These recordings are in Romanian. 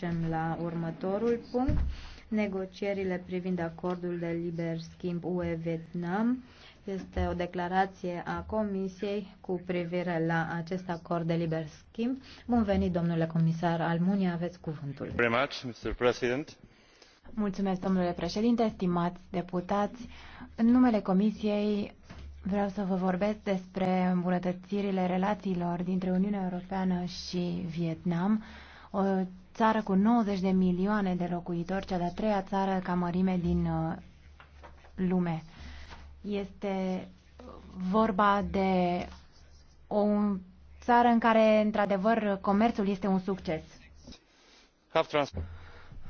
trecem la următorul punct, negocierile privind acordul de liber schimb UE-Vietnam. Este o declarație a Comisiei cu privire la acest acord de liber schimb. Bun venit, domnule comisar Almunia, aveți cuvântul. Very much, Mr. President. Mulțumesc, domnule președinte, stimați deputați. În numele Comisiei Vreau să vă vorbesc despre îmbunătățirile relațiilor dintre Uniunea Europeană și Vietnam, o țară cu 90 de milioane de locuitori, cea de-a treia țară ca mărime din uh, lume. Este vorba de o țară în care, într-adevăr, comerțul este un succes.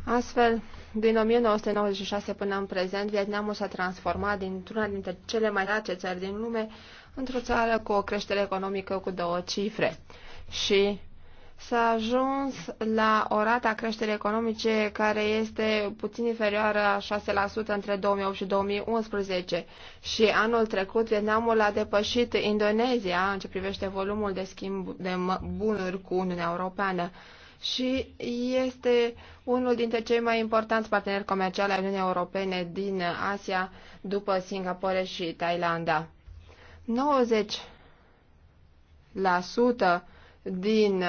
Astfel, din 1996 până în prezent, Vietnamul s-a transformat dintr-una dintre cele mai race țări din lume într-o țară cu o creștere economică cu două cifre. Și s-a ajuns la o rată a creșterii economice care este puțin inferioară a 6% între 2008 și 2011 și anul trecut Vietnamul a depășit Indonezia în ce privește volumul de schimb de bunuri cu Uniunea Europeană și este unul dintre cei mai importanți parteneri comerciali ai Uniunii Europene din Asia după Singapore și Thailanda. 90% din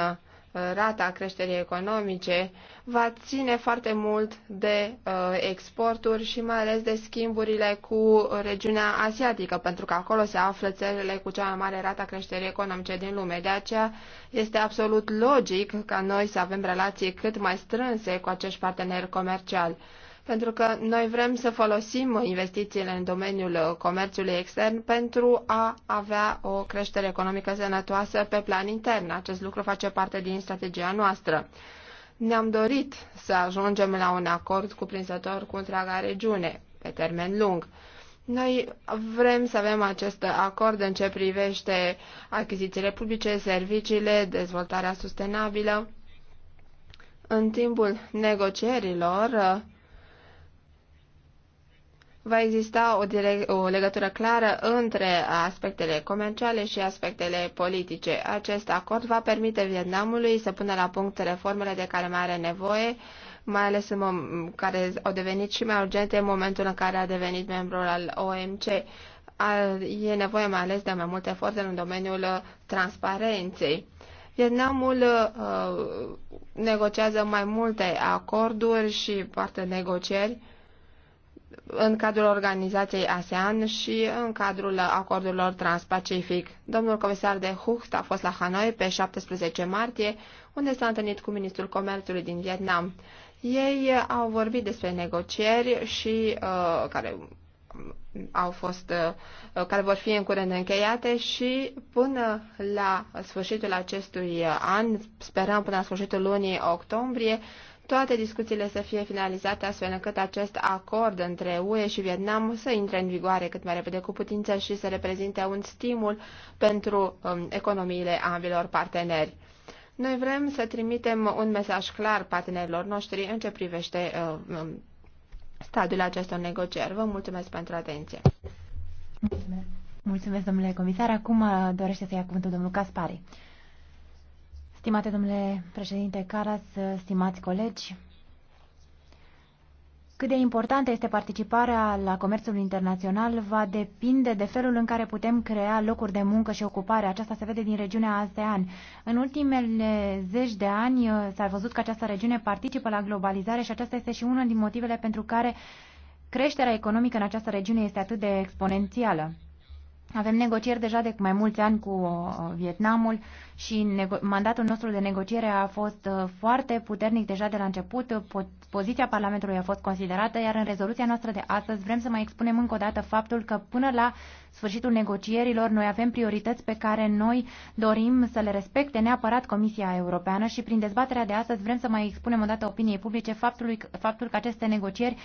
Uh, rata creșterii economice va ține foarte mult de uh, exporturi și mai ales de schimburile cu regiunea asiatică, pentru că acolo se află țările cu cea mai mare rata creșterii economice din lume. De aceea este absolut logic ca noi să avem relații cât mai strânse cu acești parteneri comerciali pentru că noi vrem să folosim investițiile în domeniul comerțului extern pentru a avea o creștere economică sănătoasă pe plan intern. Acest lucru face parte din strategia noastră. Ne-am dorit să ajungem la un acord cuprinzător cu întreaga regiune, pe termen lung. Noi vrem să avem acest acord în ce privește achizițiile publice, serviciile, dezvoltarea sustenabilă. În timpul negocierilor, va exista o, direct, o legătură clară între aspectele comerciale și aspectele politice. Acest acord va permite Vietnamului să pună la punct reformele de care mai are nevoie, mai ales în care au devenit și mai urgente în momentul în care a devenit membru al OMC. E nevoie mai ales de mai multe eforturi în domeniul uh, transparenței. Vietnamul uh, uh, negociază mai multe acorduri și poartă negocieri în cadrul organizației ASEAN și în cadrul acordurilor transpacific. Domnul comisar de Hucht a fost la Hanoi pe 17 martie, unde s-a întâlnit cu ministrul comerțului din Vietnam. Ei au vorbit despre negocieri și uh, care au fost, uh, care vor fi în curând încheiate și până la sfârșitul acestui an, sperăm până la sfârșitul lunii octombrie, uh, toate discuțiile să fie finalizate astfel încât acest acord între UE și Vietnam să intre în vigoare cât mai repede cu putință și să reprezinte un stimul pentru um, economiile ambilor parteneri. Noi vrem să trimitem un mesaj clar partenerilor noștri în ce privește uh, um, stadiul acestor negocieri. Vă mulțumesc pentru atenție. Mulțumesc, Mulțumesc domnule comisar. Acum uh, dorește să ia cuvântul domnul Caspari. Stimate domnule președinte Caras, stimați colegi, cât de importantă este participarea la comerțul internațional va depinde de felul în care putem crea locuri de muncă și ocupare. Aceasta se vede din regiunea ASEAN. În ultimele zeci de ani uh, s-a văzut că această regiune participă la globalizare și aceasta este și unul din motivele pentru care creșterea economică în această regiune este atât de exponențială. Avem negocieri deja de mai mulți ani cu uh, Vietnamul și mandatul nostru de negociere a fost uh, foarte puternic deja de la început. poziția Parlamentului a fost considerată, iar în rezoluția noastră de astăzi vrem să mai expunem încă o dată faptul că până la sfârșitul negocierilor noi avem priorități pe care noi dorim să le respecte neapărat Comisia Europeană și prin dezbaterea de astăzi vrem să mai expunem o dată opiniei publice faptului, faptul că aceste negocieri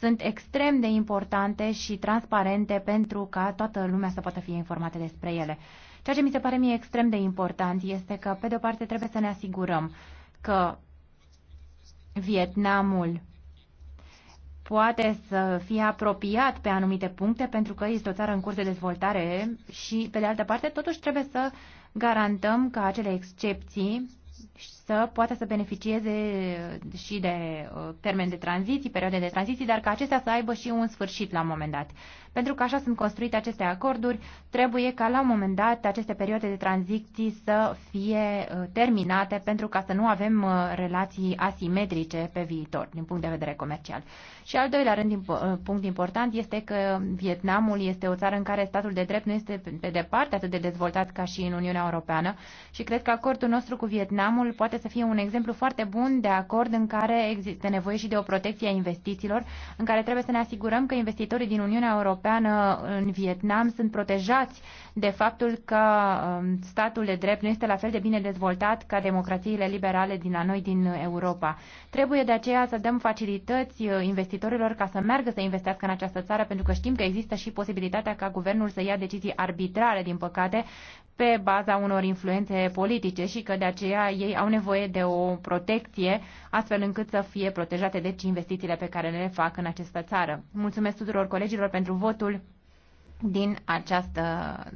sunt extrem de importante și transparente pentru ca toată lumea să poată poată fi informate despre ele. Ceea ce mi se pare mie extrem de important este că, pe de-o parte, trebuie să ne asigurăm că Vietnamul poate să fie apropiat pe anumite puncte pentru că este o țară în curs de dezvoltare și, pe de altă parte, totuși trebuie să garantăm că acele excepții să poată să beneficieze și de uh, termeni de tranziții, perioade de tranziții, dar ca acestea să aibă și un sfârșit la un moment dat. Pentru că așa sunt construite aceste acorduri, trebuie ca la un moment dat aceste perioade de tranziții să fie uh, terminate pentru ca să nu avem uh, relații asimetrice pe viitor din punct de vedere comercial. Și al doilea rând, uh, punct important este că Vietnamul este o țară în care statul de drept nu este pe departe atât de dezvoltat ca și în Uniunea Europeană și cred că acordul nostru cu Vietnamul poate să fie un exemplu foarte bun de acord în care există nevoie și de o protecție a investițiilor, în care trebuie să ne asigurăm că investitorii din Uniunea Europeană Europeană în Vietnam sunt protejați de faptul că um, statul de drept nu este la fel de bine dezvoltat ca democrațiile liberale din la noi din Europa. Trebuie de aceea să dăm facilități uh, investitorilor ca să meargă să investească în această țară, pentru că știm că există și posibilitatea ca guvernul să ia decizii arbitrare, din păcate, pe baza unor influențe politice și că de aceea ei au nevoie de o protecție astfel încât să fie protejate deci investițiile pe care le fac în această țară. Mulțumesc tuturor colegilor pentru vot votul din această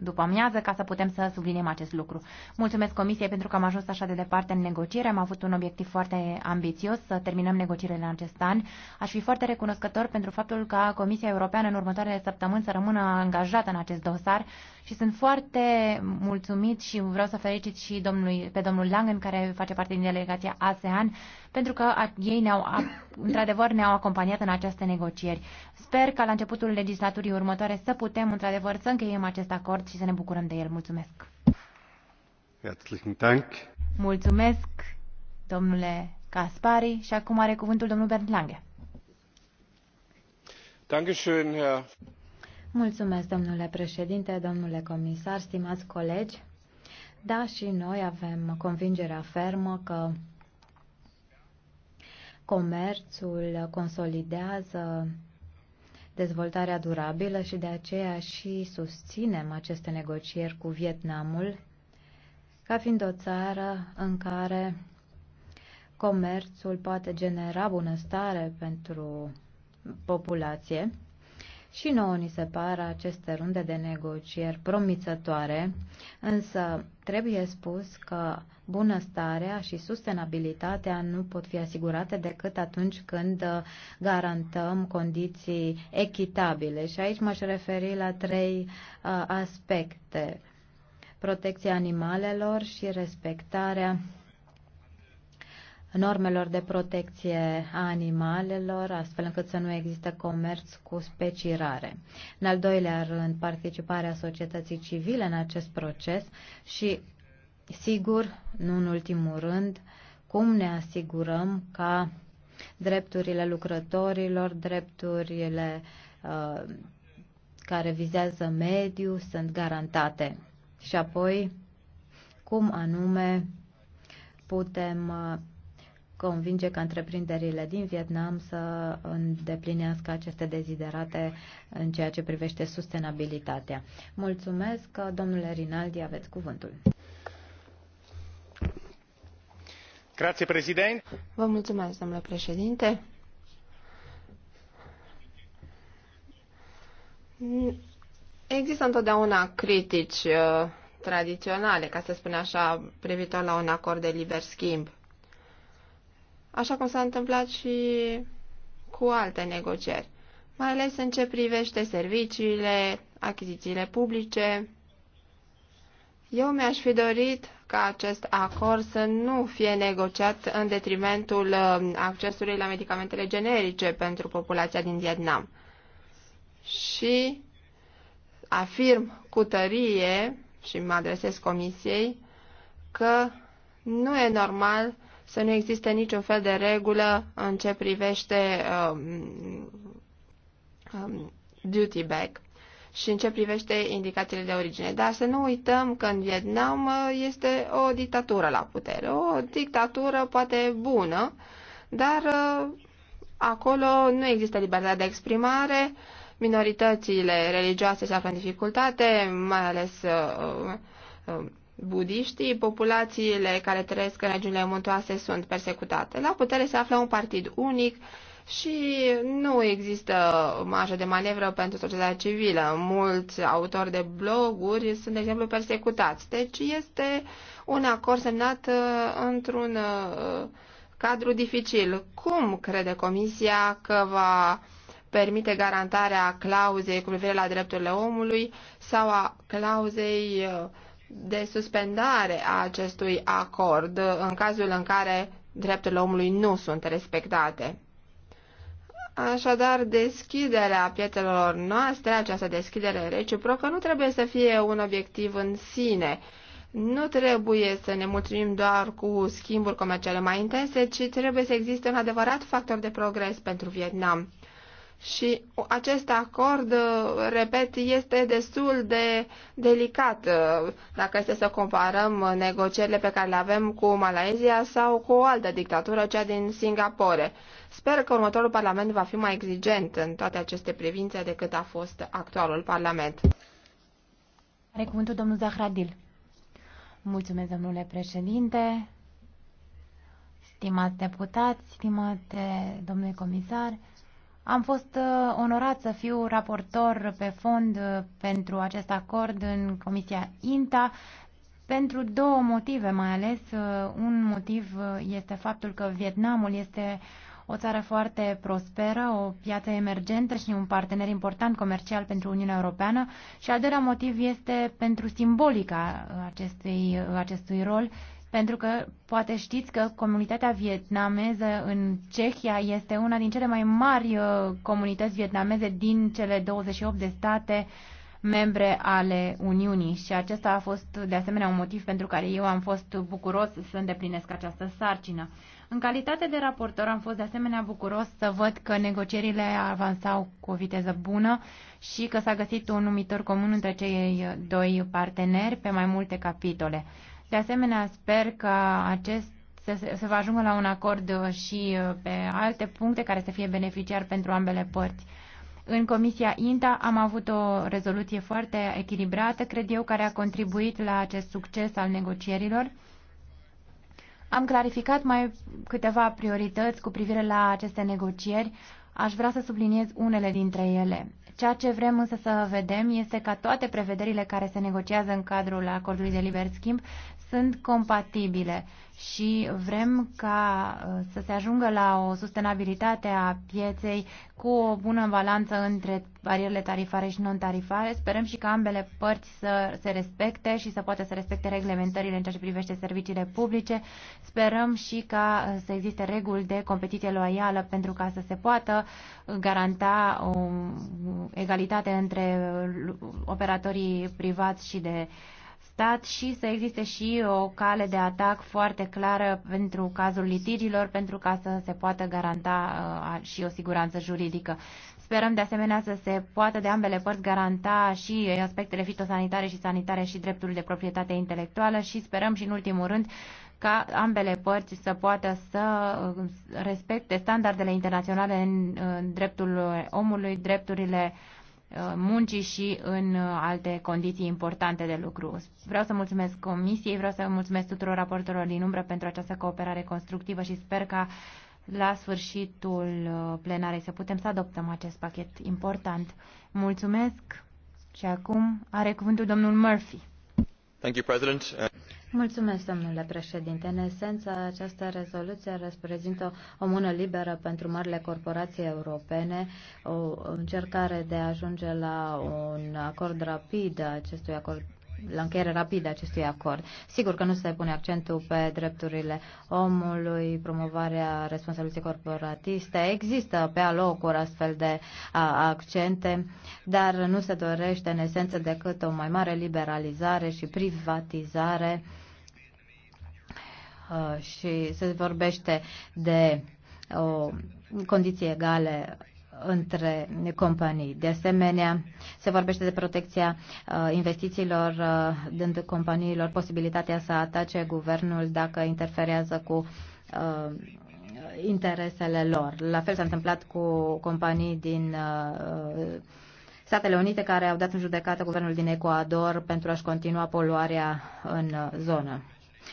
după-amiază ca să putem să subliniem acest lucru. Mulțumesc Comisiei pentru că am ajuns așa de departe în negociere. Am avut un obiectiv foarte ambițios să terminăm negocierile în acest an. Aș fi foarte recunoscător pentru faptul că Comisia Europeană în următoarele săptămâni să rămână angajată în acest dosar și sunt foarte mulțumit și vreau să felicit și domnului, pe domnul Langen care face parte din delegația ASEAN pentru că ei ne-au, într-adevăr ne-au acompaniat în aceste negocieri. Sper ca la începutul legislaturii următoare să putem, într-adevăr, să încheiem acest acord și să ne bucurăm de el. Mulțumesc! Mulțumesc, domnule Caspari. Și acum are cuvântul domnul Bernd Lange. Mulțumesc, domnule președinte, domnule comisar, stimați colegi. Da, și noi avem convingerea fermă că comerțul consolidează dezvoltarea durabilă și de aceea și susținem aceste negocieri cu Vietnamul ca fiind o țară în care comerțul poate genera bunăstare pentru populație și nouă ni se par aceste runde de negocieri promițătoare, însă trebuie spus că bunăstarea și sustenabilitatea nu pot fi asigurate decât atunci când garantăm condiții echitabile. Și aici m-aș referi la trei uh, aspecte. Protecția animalelor și respectarea normelor de protecție a animalelor, astfel încât să nu există comerț cu specii rare. În al doilea rând, participarea societății civile în acest proces și, sigur, nu în ultimul rând, cum ne asigurăm ca drepturile lucrătorilor, drepturile uh, care vizează mediu sunt garantate. Și apoi, cum anume putem uh, convinge că întreprinderile din Vietnam să îndeplinească aceste deziderate în ceea ce privește sustenabilitatea. Mulțumesc, domnule Rinaldi, aveți cuvântul. Grazie, președinte. Vă mulțumesc, domnule președinte. Există întotdeauna critici uh, tradiționale, ca să spun așa, privitor la un acord de liber schimb așa cum s-a întâmplat și cu alte negocieri, mai ales în ce privește serviciile, achizițiile publice. Eu mi-aș fi dorit ca acest acord să nu fie negociat în detrimentul uh, accesului la medicamentele generice pentru populația din Vietnam. Și afirm cu tărie și mă adresez comisiei că nu e normal să nu existe niciun fel de regulă în ce privește um, um, duty bag și în ce privește indicațiile de origine. Dar să nu uităm că în Vietnam uh, este o dictatură la putere, o dictatură poate bună, dar uh, acolo nu există libertate de exprimare, minoritățile religioase se află în dificultate, mai ales uh, budiștii, populațiile care trăiesc în regiunile muntoase sunt persecutate. La putere se află un partid unic și nu există marjă de manevră pentru societatea civilă. Mulți autori de bloguri sunt, de exemplu, persecutați. Deci este un acord semnat uh, într-un uh, cadru dificil. Cum crede Comisia că va permite garantarea clauzei cu privire la drepturile omului sau a clauzei uh, de suspendare a acestui acord în cazul în care drepturile omului nu sunt respectate. Așadar, deschiderea piețelor noastre, această deschidere reciprocă, nu trebuie să fie un obiectiv în sine. Nu trebuie să ne mulțumim doar cu schimburi comerciale mai intense, ci trebuie să existe un adevărat factor de progres pentru Vietnam. Și acest acord, repet, este destul de delicat uh, dacă este să comparăm negocierile pe care le avem cu Malaezia sau cu o altă dictatură, cea din Singapore. Sper că următorul Parlament va fi mai exigent în toate aceste privințe decât a fost actualul Parlament. Are cuvântul domnul Zahradil. Mulțumesc, domnule președinte, stimați deputați, stimate domnule comisar, am fost uh, onorat să fiu raportor pe fond uh, pentru acest acord în Comisia INTA pentru două motive mai ales. Uh, un motiv este faptul că Vietnamul este o țară foarte prosperă, o piață emergentă și un partener important comercial pentru Uniunea Europeană și al doilea motiv este pentru simbolica acestui, acestui rol pentru că poate știți că comunitatea vietnameză în Cehia este una din cele mai mari uh, comunități vietnameze din cele 28 de state membre ale Uniunii și acesta a fost de asemenea un motiv pentru care eu am fost bucuros să îndeplinesc această sarcină. În calitate de raportor am fost de asemenea bucuros să văd că negocierile avansau cu o viteză bună și că s-a găsit un numitor comun între cei doi parteneri pe mai multe capitole. De asemenea, sper că acest să se va ajungă la un acord și uh, pe alte puncte care să fie beneficiar pentru ambele părți. În Comisia INTA am avut o rezoluție foarte echilibrată, cred eu, care a contribuit la acest succes al negocierilor. Am clarificat mai câteva priorități cu privire la aceste negocieri. Aș vrea să subliniez unele dintre ele. Ceea ce vrem însă să vedem este ca toate prevederile care se negociază în cadrul acordului de liber schimb sunt compatibile și vrem ca uh, să se ajungă la o sustenabilitate a pieței cu o bună balanță între barierele tarifare și non-tarifare. Sperăm și ca ambele părți să se respecte și să poată să respecte reglementările în ceea ce privește serviciile publice. Sperăm și ca uh, să existe reguli de competiție loială pentru ca să se poată garanta o egalitate între uh, operatorii privați și de uh, stat și să existe și o cale de atac foarte clară pentru cazul litigilor, pentru ca să se poată garanta uh, și o siguranță juridică. Sperăm de asemenea să se poată de ambele părți garanta și aspectele fitosanitare și sanitare și dreptul de proprietate intelectuală și sperăm și în ultimul rând ca ambele părți să poată să uh, respecte standardele internaționale în dreptul omului, drepturile Uh, muncii și în uh, alte condiții importante de lucru. Vreau să mulțumesc Comisiei, vreau să mulțumesc tuturor raportorilor din umbră pentru această cooperare constructivă și sper ca la sfârșitul uh, plenarei să putem să adoptăm acest pachet important. Mulțumesc și acum are cuvântul domnul Murphy. Thank you, President. Mulțumesc, domnule președinte. În esență, această rezoluție reprezintă o mână liberă pentru marile corporații europene, o încercare de a ajunge la un acord rapid acestui acord la încheiere rapidă acestui acord. Sigur că nu se pune accentul pe drepturile omului, promovarea responsabilității corporatiste. Există pe alocuri astfel de a, accente, dar nu se dorește în esență decât o mai mare liberalizare și privatizare Uh, și se vorbește de o condiție egale între companii. De asemenea, se vorbește de protecția uh, investițiilor, uh, dând companiilor posibilitatea să atace guvernul dacă interferează cu interesele lor. La fel s-a întâmplat cu companii din Statele Unite care au dat în judecată guvernul din Ecuador pentru a-și continua poluarea în zonă.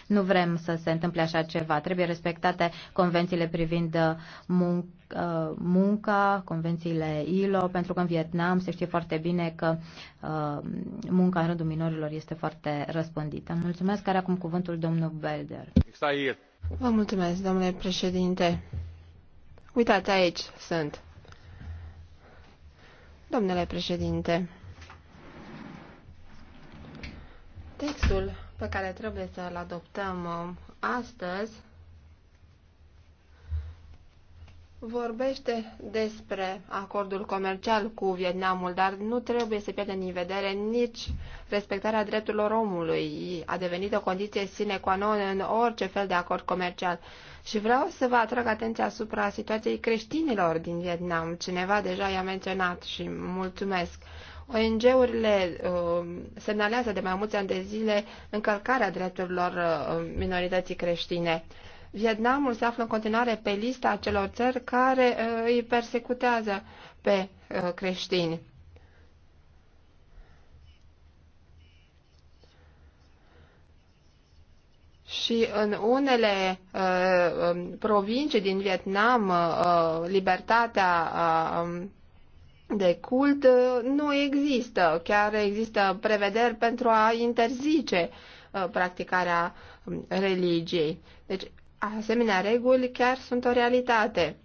Nu vrem să se întâmple așa ceva. Trebuie respectate convențiile privind uh, uh, munca, convențiile ILO, pentru că în Vietnam se știe foarte bine că uh, munca în rândul minorilor este foarte răspândită. Mulțumesc, care acum cuvântul domnul Belder. Vă mulțumesc, domnule președinte. Uitați, aici sunt. Domnule președinte, textul pe care trebuie să-l adoptăm uh, astăzi vorbește despre acordul comercial cu Vietnamul, dar nu trebuie să pierdem din vedere nici respectarea drepturilor omului. A devenit o condiție sine qua non în orice fel de acord comercial. Și vreau să vă atrag atenția asupra situației creștinilor din Vietnam. Cineva deja i-a menționat și mulțumesc. ONG-urile um, semnalează de mai mulți ani de zile încălcarea drepturilor um, minorității creștine. Vietnamul se află în continuare pe lista celor țări care uh, îi persecutează pe uh, creștini. Și în unele uh, um, provincii din Vietnam, uh, uh libertatea uh, de cult nu există. Chiar există prevederi pentru a interzice uh, practicarea um, religiei. Deci, asemenea reguli chiar sunt o realitate.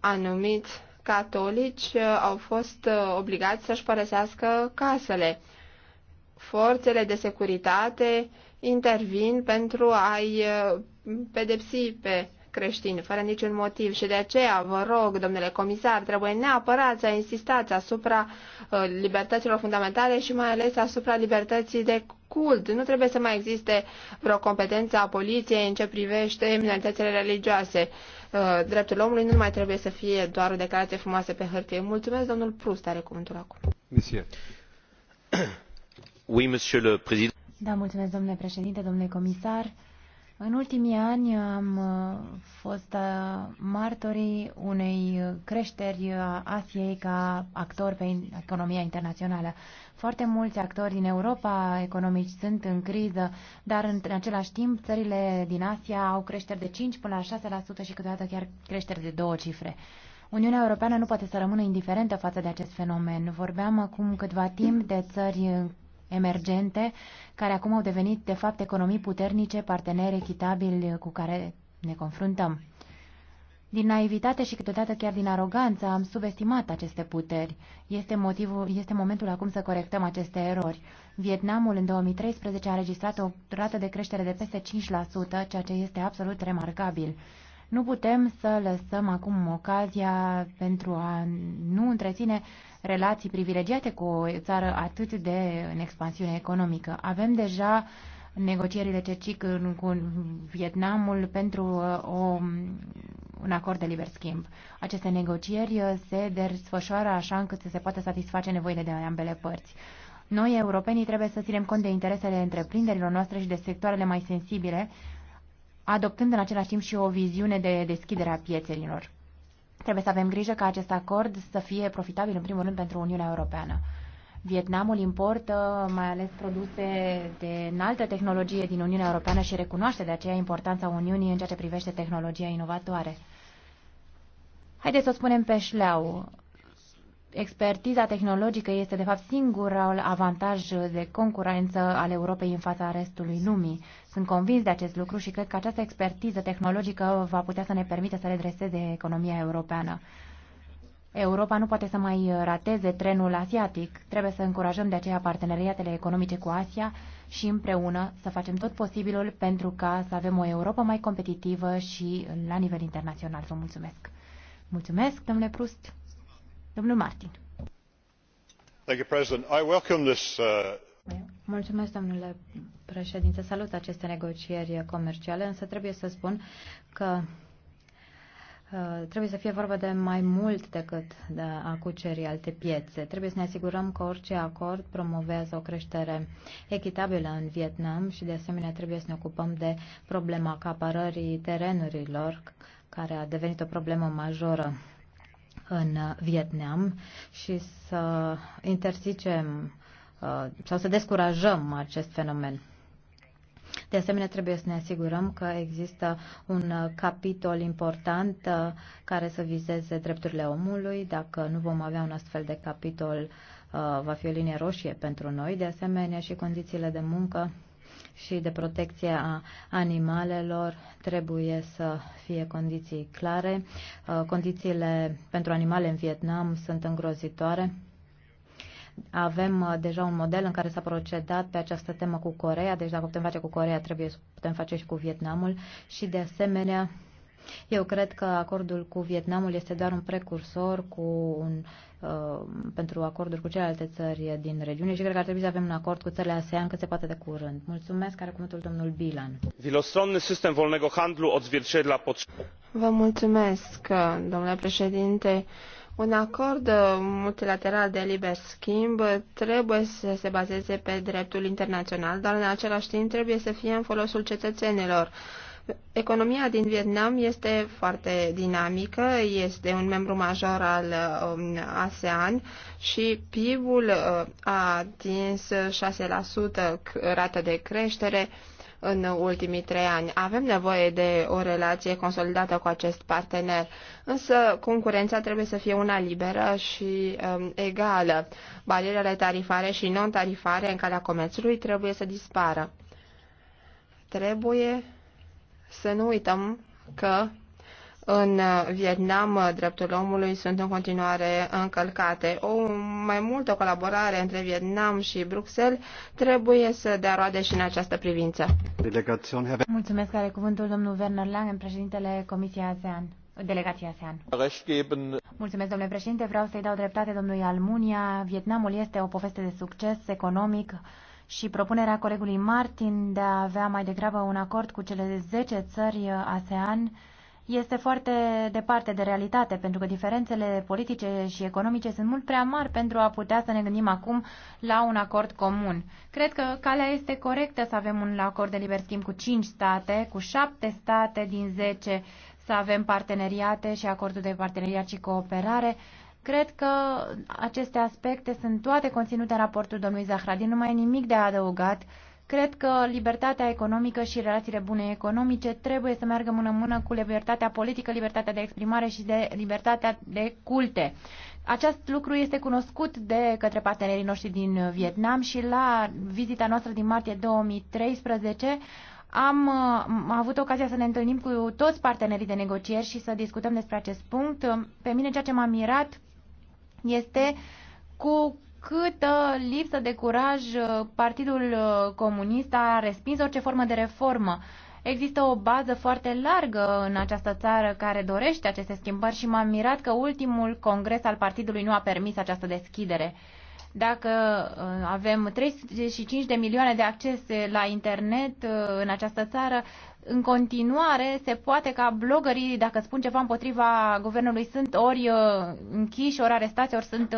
Anumiți catolici uh, au fost uh, obligați să-și părăsească casele. Forțele de securitate intervin pentru a-i pedepsi pe creștini, fără niciun motiv. Și de aceea, vă rog, domnule comisar, trebuie neapărat să insistați asupra uh, libertăților fundamentale și mai ales asupra libertății de cult. Nu trebuie să mai existe vreo competență a poliției în ce privește minoritățile religioase. Uh, dreptul omului nu mai trebuie să fie doar o declarație frumoasă pe hârtie. Mulțumesc, domnul Prust are cuvântul acum. Oui, monsieur le président. Da, mulțumesc, domnule președinte, domnule comisar. În ultimii ani am uh, fost uh, martorii unei uh, creșteri a Asiei ca actor pe economia internațională. Foarte mulți actori din Europa economici sunt în criză, dar în același timp țările din Asia au creșteri de 5 până la 6% și câteodată chiar creșteri de două cifre. Uniunea Europeană nu poate să rămână indiferentă față de acest fenomen. Vorbeam acum câtva timp de țări emergente, care acum au devenit, de fapt, economii puternice, parteneri echitabili cu care ne confruntăm. Din naivitate și câteodată chiar din aroganță am subestimat aceste puteri. Este, motivul, este momentul acum să corectăm aceste erori. Vietnamul în 2013 a înregistrat o rată de creștere de peste 5%, ceea ce este absolut remarcabil. Nu putem să lăsăm acum ocazia pentru a nu întreține relații privilegiate cu o țară atât de în expansiune economică. Avem deja negocierile CECIC cu Vietnamul pentru uh, o, un acord de liber schimb. Aceste negocieri uh, se desfășoară așa încât să se poată satisface nevoile de ambele părți. Noi, europenii, trebuie să ținem cont de interesele întreprinderilor noastre și de sectoarele mai sensibile, adoptând în același timp și o viziune de deschidere a piețelor. Trebuie să avem grijă ca acest acord să fie profitabil, în primul rând, pentru Uniunea Europeană. Vietnamul importă mai ales produse de înaltă tehnologie din Uniunea Europeană și recunoaște de aceea importanța Uniunii în ceea ce privește tehnologia inovatoare. Haideți să o spunem pe șleau expertiza tehnologică este de fapt singurul avantaj de concurență al Europei în fața restului lumii. Sunt convins de acest lucru și cred că această expertiză tehnologică va putea să ne permită să redreseze economia europeană. Europa nu poate să mai rateze trenul asiatic. Trebuie să încurajăm de aceea parteneriatele economice cu Asia și împreună să facem tot posibilul pentru ca să avem o Europa mai competitivă și la nivel internațional. Vă mulțumesc! Mulțumesc, domnule Prust! Domnule Martin. Uh, Mulțumesc, domnule președinte. Salut aceste negocieri comerciale, însă trebuie să spun că uh, trebuie să fie vorba de mai mult decât de a cuceri alte piețe. Trebuie să ne asigurăm că orice acord promovează o creștere echitabilă în Vietnam și de asemenea trebuie să ne ocupăm de problema acapărării terenurilor, care a devenit o problemă majoră în Vietnam și să interzicem uh, sau să descurajăm acest fenomen. De asemenea, trebuie să ne asigurăm că există un capitol important uh, care să vizeze drepturile omului. Dacă nu vom avea un astfel de capitol, uh, va fi o linie roșie pentru noi. De asemenea, și condițiile de muncă și de protecție a animalelor trebuie să fie condiții clare. Uh, condițiile pentru animale în Vietnam sunt îngrozitoare. Avem uh, deja un model în care s-a procedat pe această temă cu Corea, deci dacă putem face cu Corea, trebuie să putem face și cu Vietnamul și de asemenea eu cred că acordul cu Vietnamul este doar un precursor cu un, uh, pentru acorduri cu celelalte țări din regiune și cred că ar trebui să avem un acord cu țările ASEAN cât se poate de curând. Mulțumesc, are cuvântul domnul Bilan. Vă mulțumesc, domnule președinte. Un acord uh, multilateral de liber schimb trebuie să se bazeze pe dreptul internațional, dar în același timp trebuie să fie în folosul cetățenilor. Economia din Vietnam este foarte dinamică, este un membru major al um, ASEAN și PIB-ul uh, a atins 6% rată de creștere în ultimii trei ani. Avem nevoie de o relație consolidată cu acest partener, însă concurența trebuie să fie una liberă și um, egală. Barierele tarifare și non-tarifare în calea comerțului trebuie să dispară. Trebuie să nu uităm că în Vietnam drepturile omului sunt în continuare încălcate. O mai multă colaborare între Vietnam și Bruxelles trebuie să dea roade și în această privință. Mulțumesc, are cuvântul domnul Werner Lang, președintele Comisiei ASEAN. Delegația ASEAN. Mulțumesc, domnule președinte. Vreau să-i dau dreptate domnului Almunia. Vietnamul este o poveste de succes economic și propunerea colegului Martin de a avea mai degrabă un acord cu cele 10 țări ASEAN este foarte departe de realitate, pentru că diferențele politice și economice sunt mult prea mari pentru a putea să ne gândim acum la un acord comun. Cred că calea este corectă să avem un acord de liber schimb cu 5 state, cu 7 state din 10, să avem parteneriate și acorduri de parteneriat și cooperare, Cred că aceste aspecte sunt toate conținute în raportul domnului Zahradin, nu mai e nimic de adăugat. Cred că libertatea economică și relațiile bune economice trebuie să meargă mână-mână cu libertatea politică, libertatea de exprimare și de libertatea de culte. Acest lucru este cunoscut de către partenerii noștri din Vietnam și la vizita noastră din martie 2013 am, am avut ocazia să ne întâlnim cu toți partenerii de negocieri și să discutăm despre acest punct. Pe mine ceea ce m-a mirat este cu câtă lipsă de curaj uh, Partidul uh, Comunist a respins orice formă de reformă. Există o bază foarte largă în această țară care dorește aceste schimbări și m-am mirat că ultimul congres al partidului nu a permis această deschidere. Dacă uh, avem 35 de milioane de accese la internet uh, în această țară, în continuare se poate ca blogării, dacă spun ceva împotriva guvernului, sunt ori uh, închiși, ori arestați, ori sunt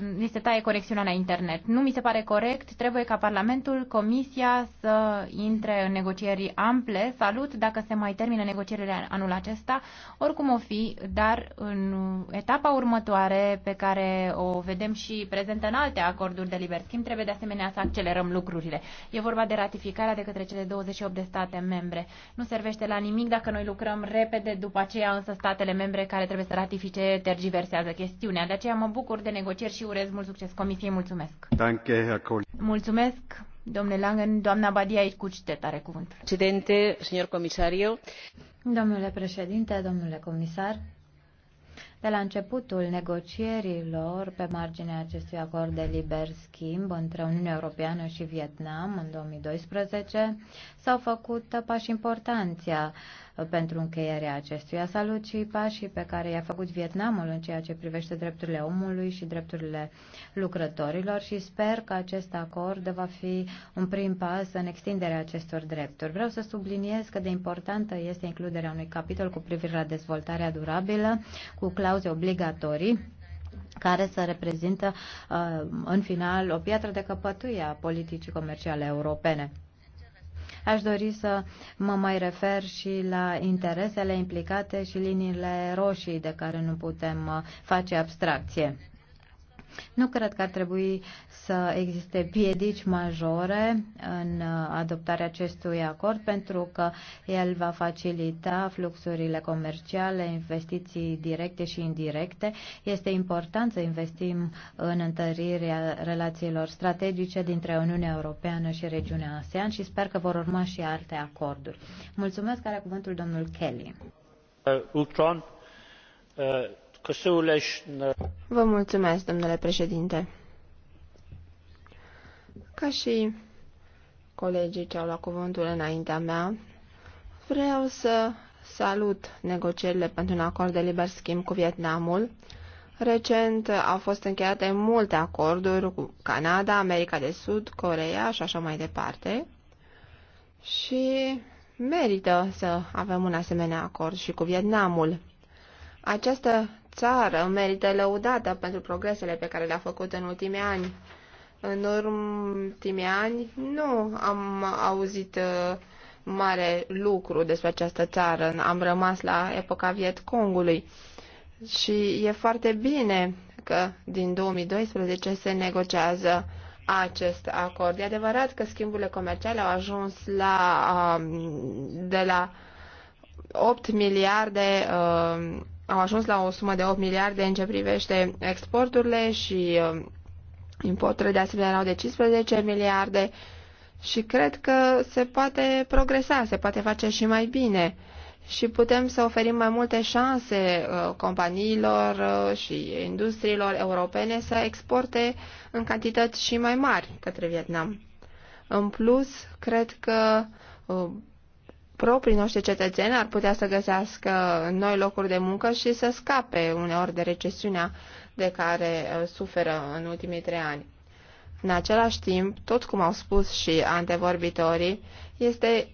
ni se taie conexiunea la internet. Nu mi se pare corect, trebuie ca Parlamentul, Comisia să intre în negocieri ample. Salut dacă se mai termină negocierile anul acesta, oricum o fi, dar în etapa următoare pe care o vedem și prezentă în alte acorduri de liber schimb, trebuie de asemenea să accelerăm lucrurile. E vorba de ratificarea de către cele 28 de state membre. Nu servește la nimic dacă noi lucrăm repede, după aceea însă statele membre care trebuie să ratifice tergiversează chestiunea. De aceea mă bucur de negocieri negocieri și urez mult succes Comisiei. Mulțumesc! Danke, Herr Mulțumesc, domnule Langen. Doamna Badia citet, are cuvânt. Președinte, signor comisario. Domnule președinte, domnule comisar, de la începutul negocierilor pe marginea acestui acord de liber schimb între Uniunea Europeană și Vietnam în 2012 s-au făcut pași importanți pentru încheierea acestuia. Salut și pașii pe care i-a făcut Vietnamul în ceea ce privește drepturile omului și drepturile lucrătorilor și sper că acest acord va fi un prim pas în extinderea acestor drepturi. Vreau să subliniez că de importantă este includerea unui capitol cu privire la dezvoltarea durabilă cu clauze obligatorii care să reprezintă uh, în final o piatră de căpătuie a politicii comerciale europene. Aș dori să mă mai refer și la interesele implicate și liniile roșii de care nu putem uh, face abstracție. Nu cred că ar trebui să existe piedici majore în adoptarea acestui acord, pentru că el va facilita fluxurile comerciale, investiții directe și indirecte. Este important să investim în întărirea relațiilor strategice dintre Uniunea Europeană și regiunea ASEAN și sper că vor urma și alte acorduri. Mulțumesc, are cuvântul domnul Kelly. Uh, Ultron, uh Vă mulțumesc, domnule președinte. Ca și colegii ce au luat cuvântul înaintea mea, vreau să salut negocierile pentru un acord de liber schimb cu Vietnamul. Recent au fost încheiate multe acorduri cu Canada, America de Sud, Corea și așa mai departe. Și merită să avem un asemenea acord și cu Vietnamul. Această țară merită lăudată pentru progresele pe care le-a făcut în ultimii ani. În ultimii ani nu am auzit uh, mare lucru despre această țară. Am rămas la epoca Congului Și e foarte bine că din 2012 se negociază acest acord. E adevărat că schimburile comerciale au ajuns la, um, de la 8 miliarde um, au ajuns la o sumă de 8 miliarde în ce privește exporturile și uh, importurile de asemenea erau de 15 miliarde și cred că se poate progresa, se poate face și mai bine și putem să oferim mai multe șanse uh, companiilor uh, și industriilor europene să exporte în cantități și mai mari către Vietnam. În plus, cred că proprii noștri cetățeni ar putea să găsească noi locuri de muncă și să scape uneori de recesiunea de care uh, suferă în ultimii trei ani. În același timp, tot cum au spus și antevorbitorii, este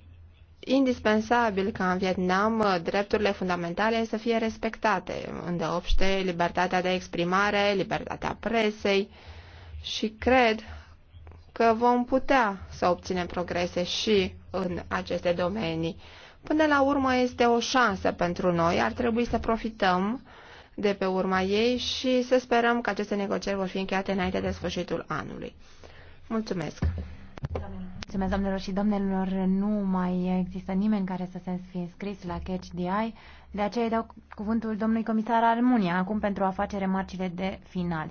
indispensabil ca în Vietnam uh, drepturile fundamentale să fie respectate, îndeopște libertatea de exprimare, libertatea presei și cred că vom putea să obținem progrese și în aceste domenii. Până la urmă este o șansă pentru noi, ar trebui să profităm de pe urma ei și să sperăm că aceste negocieri vor fi încheiate înainte de sfârșitul anului. Mulțumesc! Mulțumesc, doamnelor și domnilor. Nu mai există nimeni care să se fi înscris la Catch DI, de aceea îi dau cuvântul domnului comisar Armunia, acum pentru a face remarcile de final.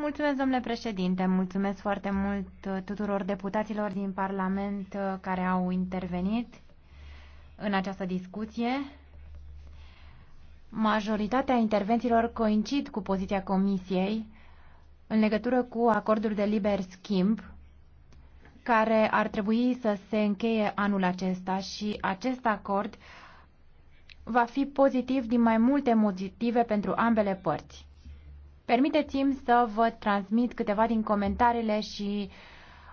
Mulțumesc, domnule președinte, mulțumesc foarte mult uh, tuturor deputaților din Parlament uh, care au intervenit în această discuție. Majoritatea intervențiilor coincid cu poziția Comisiei în legătură cu acordul de liber schimb care ar trebui să se încheie anul acesta și acest acord va fi pozitiv din mai multe motive pentru ambele părți. Permiteți-mi să vă transmit câteva din comentariile și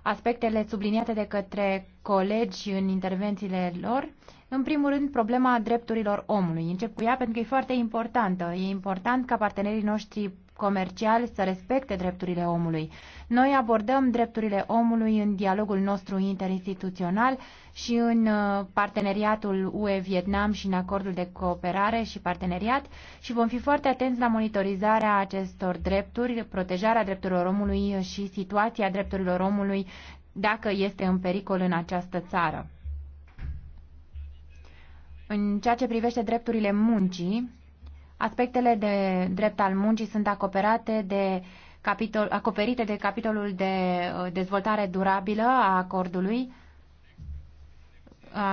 aspectele subliniate de către colegi în intervențiile lor. În primul rând, problema drepturilor omului. Încep cu ea pentru că e foarte importantă. E important ca partenerii noștri comercial să respecte drepturile omului. Noi abordăm drepturile omului în dialogul nostru interinstituțional și în uh, parteneriatul UE-Vietnam și în acordul de cooperare și parteneriat și vom fi foarte atenți la monitorizarea acestor drepturi, protejarea drepturilor omului și situația drepturilor omului dacă este în pericol în această țară. În ceea ce privește drepturile muncii, Aspectele de drept al muncii sunt acoperate de capitol, acoperite de capitolul de uh, dezvoltare durabilă a acordului,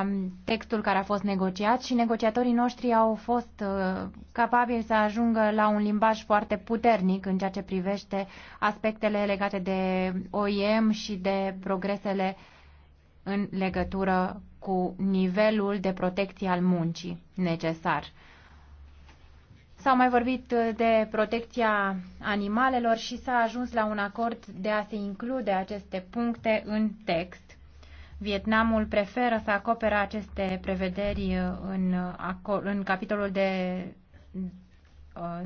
um, textul care a fost negociat și negociatorii noștri au fost uh, capabili să ajungă la un limbaj foarte puternic în ceea ce privește aspectele legate de OIM și de progresele în legătură cu nivelul de protecție al muncii necesar. S-a mai vorbit uh, de protecția animalelor și s-a ajuns la un acord de a se include aceste puncte în text. Vietnamul preferă să acopere aceste prevederi uh, în, în capitolul de uh,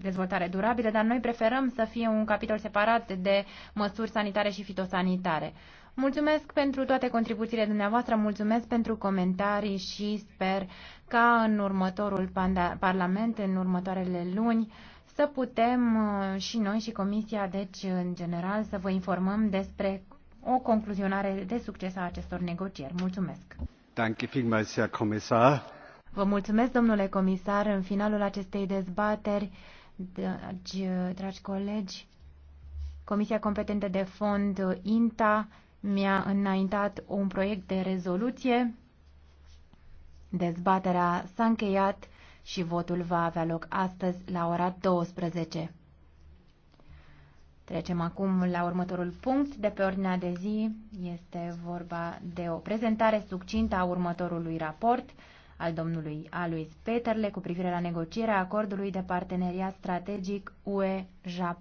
dezvoltare durabilă, dar noi preferăm să fie un capitol separat de măsuri sanitare și fitosanitare. Mulțumesc pentru toate contribuțiile dumneavoastră, mulțumesc pentru comentarii și sper ca în următorul Parlament, în următoarele luni, să putem uh, și noi și Comisia, deci în general, să vă informăm despre o concluzionare de succes a acestor negocieri. Mulțumesc! Vă mulțumesc, domnule comisar. În finalul acestei dezbateri, Dragi, dragi colegi, Comisia competentă de fond uh, INTA mi-a înaintat un proiect de rezoluție. Dezbaterea s-a încheiat și votul va avea loc astăzi la ora 12. Trecem acum la următorul punct de pe ordinea de zi. Este vorba de o prezentare succintă a următorului raport al domnului Alois Peterle cu privire la negocierea acordului de parteneriat strategic ue jap